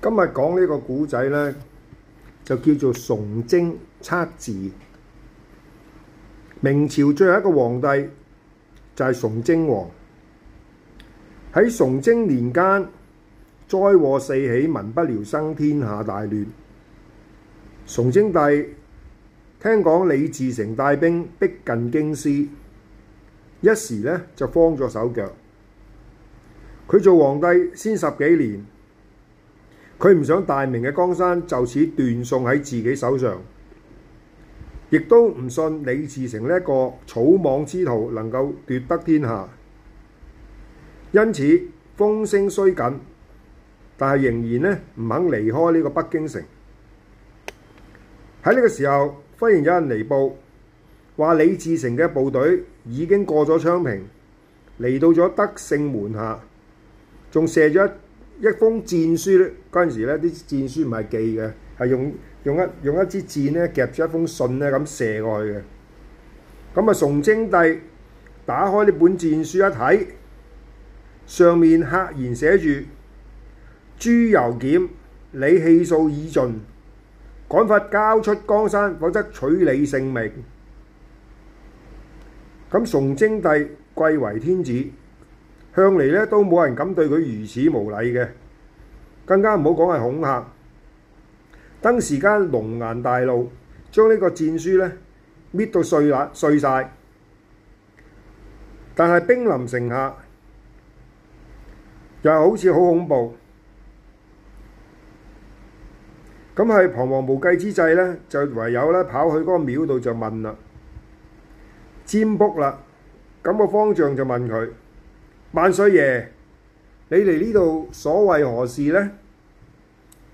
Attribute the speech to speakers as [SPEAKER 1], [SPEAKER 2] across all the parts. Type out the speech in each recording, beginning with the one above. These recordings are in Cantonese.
[SPEAKER 1] 今日講呢個古仔呢，就叫做崇禎測字。明朝最後一個皇帝就係崇禎王。喺崇禎年間，災禍四起，民不聊生，天下大亂。崇禎帝聽講李自成帶兵逼近京師，一時呢就慌咗手腳。佢做皇帝先十幾年。佢唔想大明嘅江山就此斷送喺自己手上，亦都唔信李自成呢一個草莽之徒能夠奪得天下。因此風聲雖緊，但係仍然咧唔肯離開呢個北京城。喺呢個時候，忽然有人嚟報話：李自成嘅部隊已經過咗昌平，嚟到咗德勝門下，仲射咗一封戰書咧，嗰陣時咧啲戰書唔係寄嘅，係用用一用一支箭咧夾住一封信咧咁射過去嘅。咁啊，崇禎帝打開呢本戰書一睇，上面赫然寫住朱由檢，你氣數已盡，趕快交出江山，否則取你性命。咁崇禎帝貴為天子。向嚟咧都冇人敢對佢如此無禮嘅，更加唔好講係恐嚇。登時間龍顏大怒，將呢個戰書咧搣到碎爛碎晒。但係兵臨城下，又好似好恐怖。咁喺彷徨無計之際咧，就唯有咧跑去嗰個廟度就問啦，占卜啦。咁個方丈就問佢。萬歲爺，你嚟呢度所為何事呢？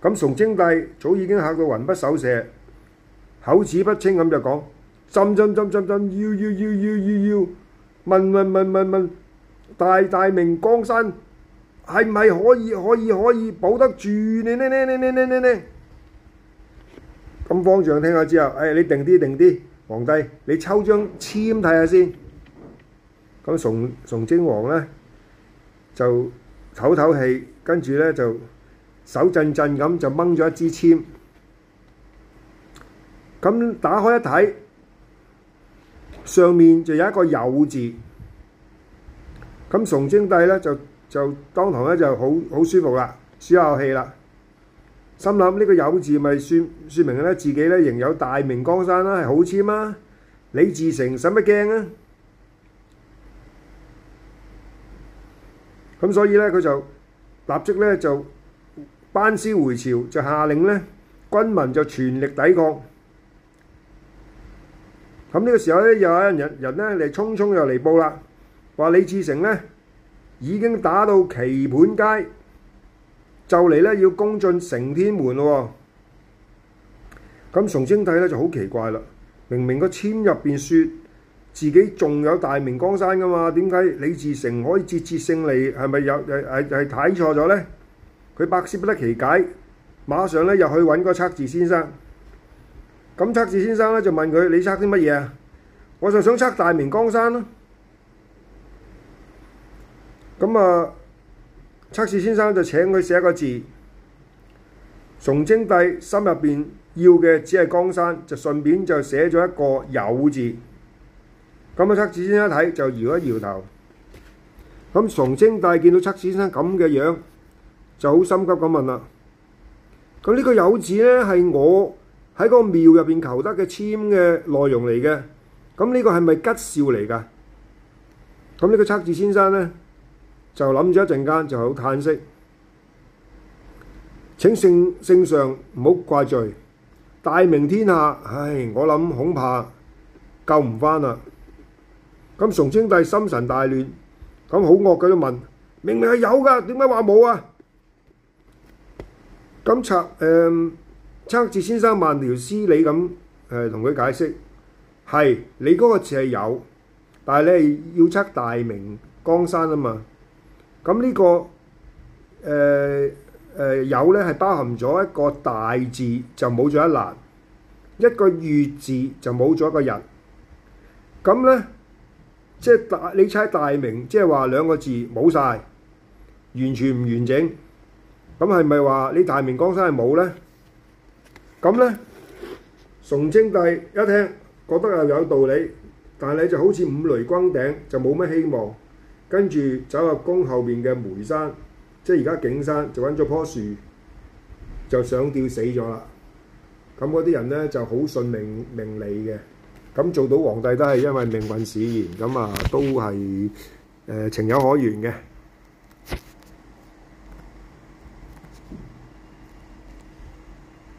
[SPEAKER 1] 咁崇禎帝早已經嚇到魂不守舍，口齒不清咁就講：朕朕朕朕朕要要要要要要問問問問問大大明江山係唔係可以可以可以保得住？你呢呢呢呢呢呢呢？咁方丈聽下之後，誒、哎、你定啲定啲，皇帝你抽張簽睇下先。咁崇崇禎皇呢？就唞唞氣，跟住咧就手震震咁就掹咗一支簽，咁打開一睇，上面就有一個有字，咁崇禎帝咧就就當堂咧就好好舒服啦，舒下氣啦，心諗呢、這個有字咪説説明咧自己咧仍有大明江山啦、啊，係好簽啊，李自成使乜驚啊？咁所以咧，佢就立即咧就班師回朝，就下令咧軍民就全力抵抗。咁呢個時候咧，又有人人咧嚟匆匆又嚟報啦，話李自成咧已經打到棋盤街，就嚟咧要攻進成天門咯、哦。咁崇禎帝咧就好奇怪啦，明明個簽入邊説自己仲有大明江山㗎嘛？點解李自成可以節節勝利？係咪有係係係睇錯咗呢？佢百思不得其解，馬上咧又去揾個測字先生。咁測字先生咧就問佢：你測啲乜嘢啊？我就想測大明江山咯、啊。咁啊，測字先生就請佢寫一個字。崇禎帝心入邊要嘅只係江山，就順便就寫咗一個有字。咁啊！個測字先生一睇就搖一搖頭。咁崇禎帝見到測字先生咁嘅樣，樣，就好心急咁問啦。咁呢個有字咧係我喺個廟入邊求得嘅籤嘅內容嚟嘅。咁呢個係咪吉兆嚟㗎？咁呢個測字先生咧就諗咗一陣間，就好嘆息。請聖聖，聖上唔好怪罪。大明天下，唉，我諗恐怕救唔返啦。咁崇禎帝心神大亂，咁好惡嘅都問，明明係有噶，點解話冇啊？咁測誒測字先生慢條斯理咁誒同佢解釋，係你嗰個字係有，但係你係要測大明江山啊嘛。咁呢個誒誒有咧係包含咗一個大字，就冇咗一捺；一個玉字就冇咗一個人。咁咧？即係你猜大明，即係話兩個字冇晒，完全唔完整。咁係咪話你大明江山係冇呢？咁呢，崇禎帝一聽覺得又有道理，但係你就好似五雷轟頂，就冇乜希望。跟住走入宮後面嘅梅山，即係而家景山，就揾咗棵樹，就上吊死咗啦。咁嗰啲人呢，就好信命命理嘅。咁做到皇帝都係因為命運使然，咁啊都係、呃、情有可原嘅。